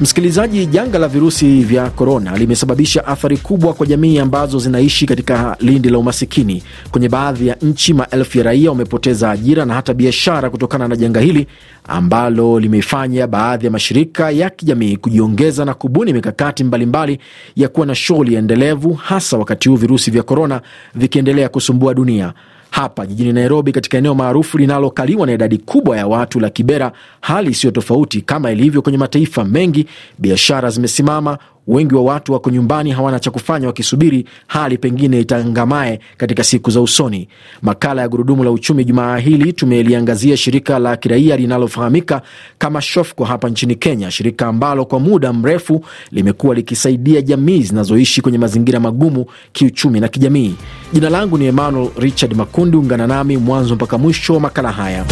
Msikilizaji, janga la virusi vya korona limesababisha athari kubwa kwa jamii ambazo zinaishi katika lindi la umasikini. Kwenye baadhi ya nchi, maelfu ya raia wamepoteza ajira na hata biashara kutokana na janga hili ambalo limefanya baadhi ya mashirika ya kijamii kujiongeza na kubuni mikakati mbalimbali ya kuwa na shughuli endelevu, hasa wakati huu virusi vya korona vikiendelea kusumbua dunia. Hapa jijini Nairobi, katika eneo maarufu linalokaliwa na idadi kubwa ya watu la Kibera, hali isiyo tofauti kama ilivyo kwenye mataifa mengi, biashara zimesimama, wengi wa watu wako nyumbani hawana cha kufanya, wakisubiri hali pengine itangamae katika siku za usoni. Makala ya Gurudumu la Uchumi jumaa hili tumeliangazia shirika la kiraia linalofahamika kama SHOFCO hapa nchini Kenya, shirika ambalo kwa muda mrefu limekuwa likisaidia jamii zinazoishi kwenye mazingira magumu kiuchumi na kijamii. Jina langu ni Emmanuel Richard Makundi. Ungana nami mwanzo mpaka mwisho wa makala haya.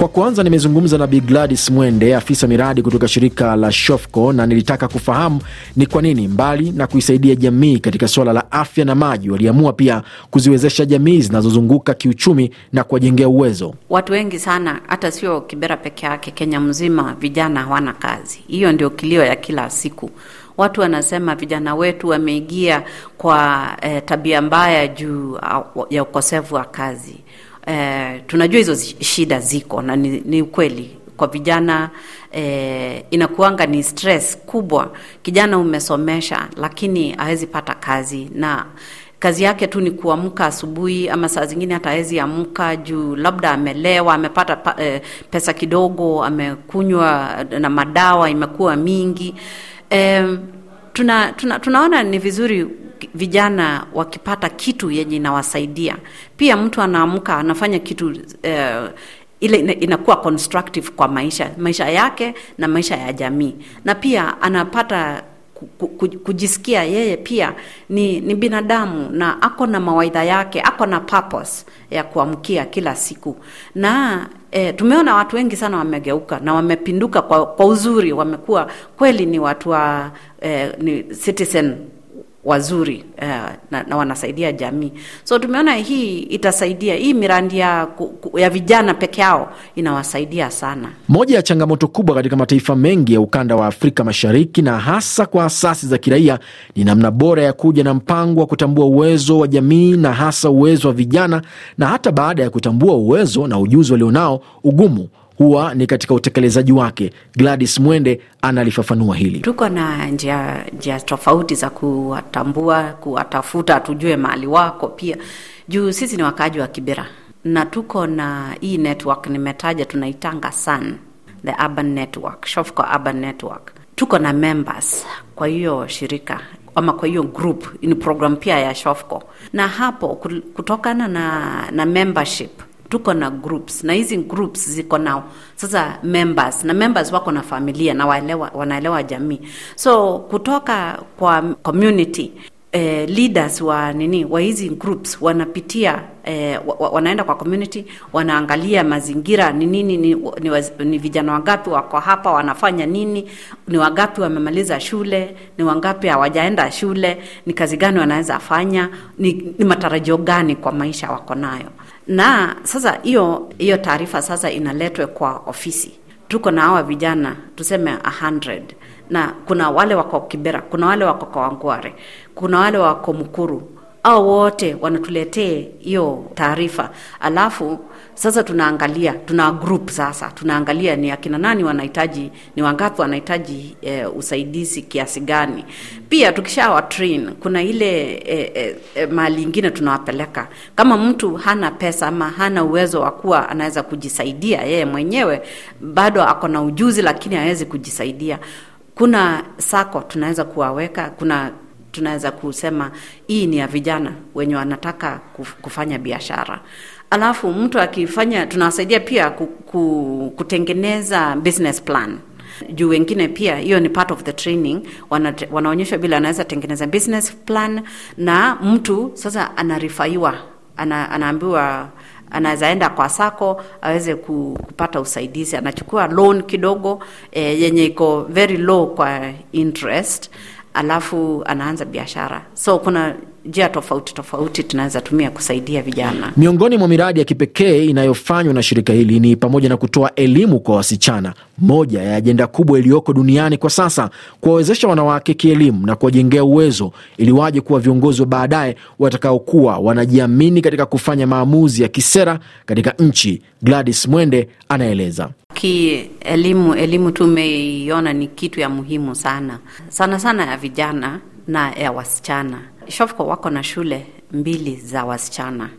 Kwa kwanza nimezungumza na Bi Gladys Mwende, afisa miradi kutoka shirika la Shofco, na nilitaka kufahamu ni kwa nini mbali na kuisaidia jamii katika suala la afya na maji, waliamua pia kuziwezesha jamii zinazozunguka kiuchumi na kuwajengea uwezo watu wengi sana. Hata sio Kibera peke yake, Kenya mzima vijana hawana kazi. Hiyo ndio kilio ya kila siku. Watu wanasema vijana wetu wameingia kwa eh, tabia mbaya juu ya ukosefu wa kazi eh, tunajua hizo shida ziko na ni, ni ukweli kwa vijana eh, inakuanga ni stress kubwa. Kijana umesomesha, lakini hawezi pata kazi na kazi yake tu ni kuamka asubuhi, ama saa zingine hata hawezi amka juu labda amelewa, amepata pa, eh, pesa kidogo, amekunywa na madawa imekuwa mingi eh, tuna, tuna, tunaona ni vizuri vijana wakipata kitu yenye inawasaidia. Pia mtu anaamka anafanya kitu uh, ile inakuwa constructive kwa maisha maisha yake na maisha ya jamii, na pia anapata kujisikia yeye pia ni, ni binadamu na ako na mawaidha yake, ako na purpose ya kuamkia kila siku na E, tumeona watu wengi sana wamegeuka na wamepinduka kwa, kwa uzuri, wamekuwa kweli ni watu wa e, ni citizen wazuri eh, na, na wanasaidia jamii. So tumeona hii itasaidia, hii mirandi ya, ya vijana peke yao inawasaidia sana. Moja ya changamoto kubwa katika mataifa mengi ya ukanda wa Afrika Mashariki na hasa kwa asasi za kiraia ni namna bora ya kuja na mpango wa kutambua uwezo wa jamii na hasa uwezo wa vijana, na hata baada ya kutambua uwezo na ujuzi walionao, ugumu huwa ni katika utekelezaji wake. Gladys Mwende analifafanua hili. Tuko na njia, njia tofauti za kuwatambua, kuwatafuta, tujue mahali wako pia juu sisi ni wakaaji wa Kibera na tuko na hii network nimetaja, tunaitanga SUN, the urban network, Shofco urban network. Tuko na members kwa hiyo shirika ama kwa hiyo group, ni program pia ya Shofco, na hapo kutokana na, na membership tuko na groups na hizi groups ziko nao sasa members na members wako na familia na waelewa, wanaelewa jamii so kutoka kwa community eh, leaders wa nini wa hizi groups wanapitia eh, wa, wanaenda kwa community wanaangalia mazingira ni nini ni, ni, ni, ni vijana wangapi wako hapa wanafanya nini ni wangapi wamemaliza shule ni wangapi hawajaenda shule ni kazi gani wanaweza fanya ni, ni matarajio gani kwa maisha wako nayo na sasa hiyo hiyo taarifa sasa inaletwe kwa ofisi. Tuko na hawa vijana tuseme 100 na kuna wale wako Kibera, kuna wale wako Kawangware, kuna wale wako mkuru au wote wanatuletee hiyo taarifa, alafu sasa tunaangalia, tuna group sasa, tunaangalia ni akina nani wanahitaji, ni wangapi wanahitaji e, usaidizi kiasi gani. Pia tukishawa train, kuna ile e, e, e, mali ingine tunawapeleka. Kama mtu hana pesa ama hana uwezo wa kuwa anaweza kujisaidia yeye mwenyewe, bado ako na ujuzi lakini hawezi kujisaidia, kuna sako tunaweza kuwaweka, kuna tunaweza kusema hii ni ya vijana wenye wanataka kufanya biashara. Alafu mtu akifanya, tunawasaidia pia kutengeneza business plan juu wengine pia hiyo ni part of the training wanaonyeshwa bila anaweza tengeneza business plan, na mtu sasa anarifaiwa ana, anaambiwa anaweza enda kwa sako aweze kupata usaidizi, anachukua loan kidogo e, yenye iko very low kwa interest alafu anaanza biashara. So kuna njia tofauti tofauti tunaweza tumia kusaidia vijana. Miongoni mwa miradi ya kipekee inayofanywa na shirika hili ni pamoja na kutoa elimu kwa wasichana, moja ya ajenda kubwa iliyoko duniani kwa sasa, kuwawezesha wanawake kielimu na kuwajengea uwezo ili waje kuwa viongozi wa baadaye watakaokuwa wanajiamini katika kufanya maamuzi ya kisera katika nchi. Gladys Mwende anaeleza haki, elimu elimu tumeiona ni kitu ya muhimu sana sana sana ya vijana na ya wasichana. Shofko wako na shule mbili za wasichana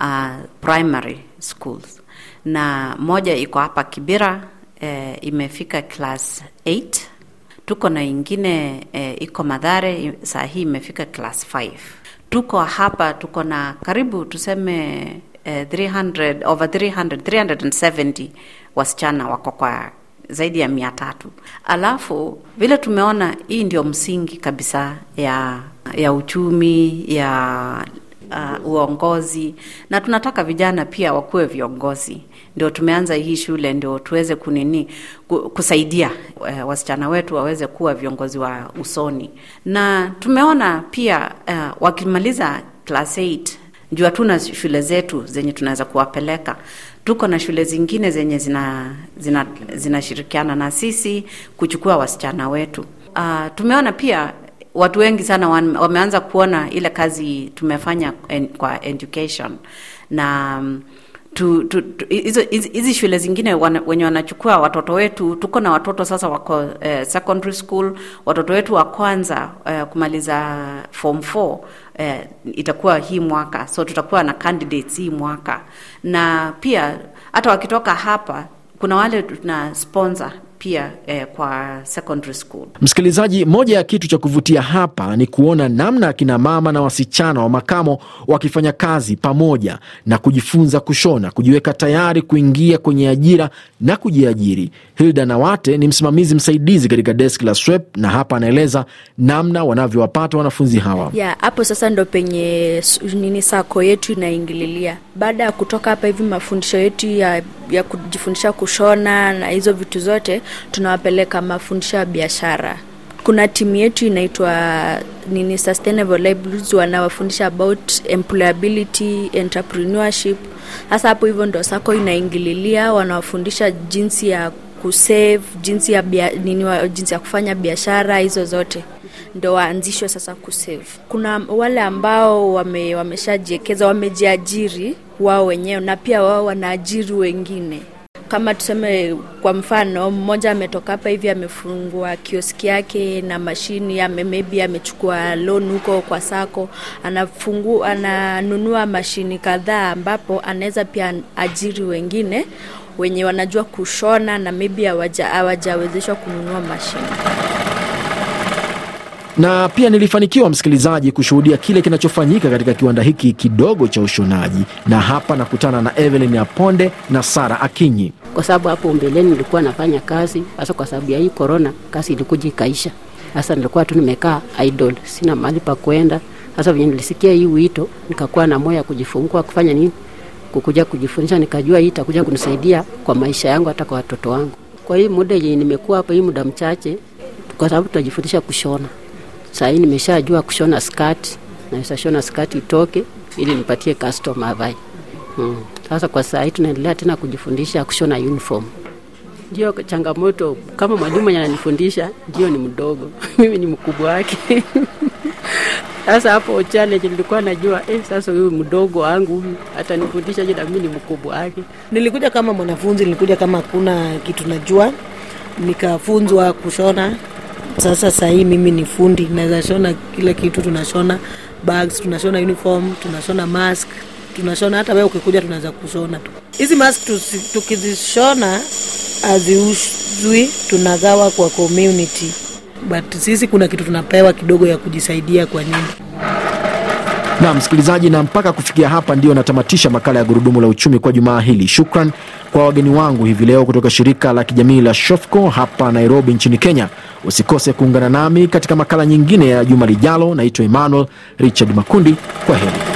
uh, primary schools na moja iko hapa Kibira eh, imefika class 8 tuko na ingine eh, iko Madhare saa hii imefika class 5. Tuko hapa tuko na karibu tuseme eh, 300 over 300 370 wasichana wako kwa zaidi ya mia tatu. Alafu vile tumeona hii ndio msingi kabisa ya ya uchumi ya uh, uongozi na tunataka vijana pia wakuwe viongozi. Ndio tumeanza hii shule ndio tuweze kunini kusaidia uh, wasichana wetu waweze kuwa viongozi wa usoni, na tumeona pia uh, wakimaliza class juu hatuna shule zetu zenye tunaweza kuwapeleka. Tuko na shule zingine zenye zinashirikiana zina, zina na sisi kuchukua wasichana wetu. Uh, tumeona pia watu wengi sana wameanza kuona ile kazi tumefanya en, kwa education na um, hizi shule zingine wan, wenye wanachukua watoto wetu. Tuko na watoto sasa wako eh, secondary school, watoto wetu wa kwanza eh, kumaliza form 4 eh, itakuwa hii mwaka so tutakuwa na candidates hii mwaka, na pia hata wakitoka hapa kuna wale tuna sponsor pia eh, kwa secondary school. Msikilizaji, moja ya kitu cha kuvutia hapa ni kuona namna akina mama na wasichana wa makamo wakifanya kazi pamoja na kujifunza kushona, kujiweka tayari kuingia kwenye ajira na kujiajiri. Hilda Nawate ni msimamizi msaidizi katika desk la SWEP na hapa anaeleza namna wanavyowapata wanafunzi hawa. Yeah, hapo sasa ndo penye nini sako yetu inaingililia. Baada ya kutoka hapa hivi mafundisho yetu ya, ya kujifundisha kushona na hizo vitu zote tunawapeleka mafundisho ya biashara kuna timu yetu inaitwa nini sustainable livelihoods wanawafundisha about employability entrepreneurship hasa hapo hivyo ndo sako inaingililia wanawafundisha jinsi ya kusave jinsi ya bia, nini wa, jinsi ya kufanya biashara hizo zote ndo waanzishwe sasa kusave kuna wale ambao wame, wameshajiekeza wamejiajiri wao wenyewe na pia wao wanaajiri wengine kama tuseme kwa mfano, mmoja ametoka hapa hivi amefungua kioski yake na mashini ya maybe amechukua loan huko kwa sako, anafungu, ananunua mashini kadhaa, ambapo anaweza pia ajiri wengine wenye wanajua kushona na maybe hawajawezeshwa kununua mashini na pia nilifanikiwa msikilizaji, kushuhudia kile kinachofanyika katika kiwanda hiki kidogo cha ushonaji, na hapa nakutana na Evelyn Aponde na Sara Akinyi. Kwa sababu hapo mbeleni nilikuwa nafanya kazi, hasa kwa sababu ya hii korona, kazi ilikuja ikaisha. hasa nilikuwa tu nimekaa idle, sina mali pa kwenda. hasa venye nilisikia hii wito, nikakuwa na moyo ya kujifungua, kufanya nini, kukuja kujifundisha. Nikajua hii itakuja kunisaidia kwa maisha yangu, hata kwa watoto wangu. Kwa hii muda yenye nimekuwa hapa, hii muda mchache, kwa sababu tunajifundisha kushona Saa hii nimeshajua kushona skati, naweza shona skati itoke ili nipatie customer avae. Hmm. Sasa kwa saa hii tunaendelea tena kujifundisha kushona uniform. Ndio changamoto, kama mwalimu ananifundisha, ndio ni mdogo mimi ni mkubwa wake Sasa hapo challenge nilikuwa najua eh, sasa huyu mdogo wangu atanifundisha je, na mimi ni mkubwa wake. Nilikuja kama mwanafunzi, nilikuja kama hakuna kitu najua, nikafunzwa kushona sasa sahii mimi ni fundi, naweza shona kila kitu. Tunashona bags, tunashona uniform, tunashona mask, tunashona hata wewe ukikuja, tunaweza kushona tu. Hizi mask tukizishona haziuzwi, tunagawa kwa community, but sisi kuna kitu tunapewa kidogo ya kujisaidia kwa nyumba. Na msikilizaji, na mpaka kufikia hapa ndio natamatisha makala ya gurudumu la uchumi kwa jumaa hili. Shukran kwa wageni wangu hivi leo kutoka shirika la kijamii la Shofco hapa Nairobi nchini Kenya. Usikose kuungana nami katika makala nyingine ya juma lijalo. Naitwa Emmanuel Richard Makundi, kwa heri.